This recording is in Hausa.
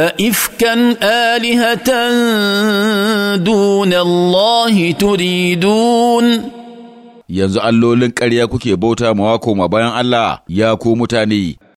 أئفكا آلهة دون الله تريدون yanzu allolin karya kuke bauta mawa koma bayan Allah ya ku mutane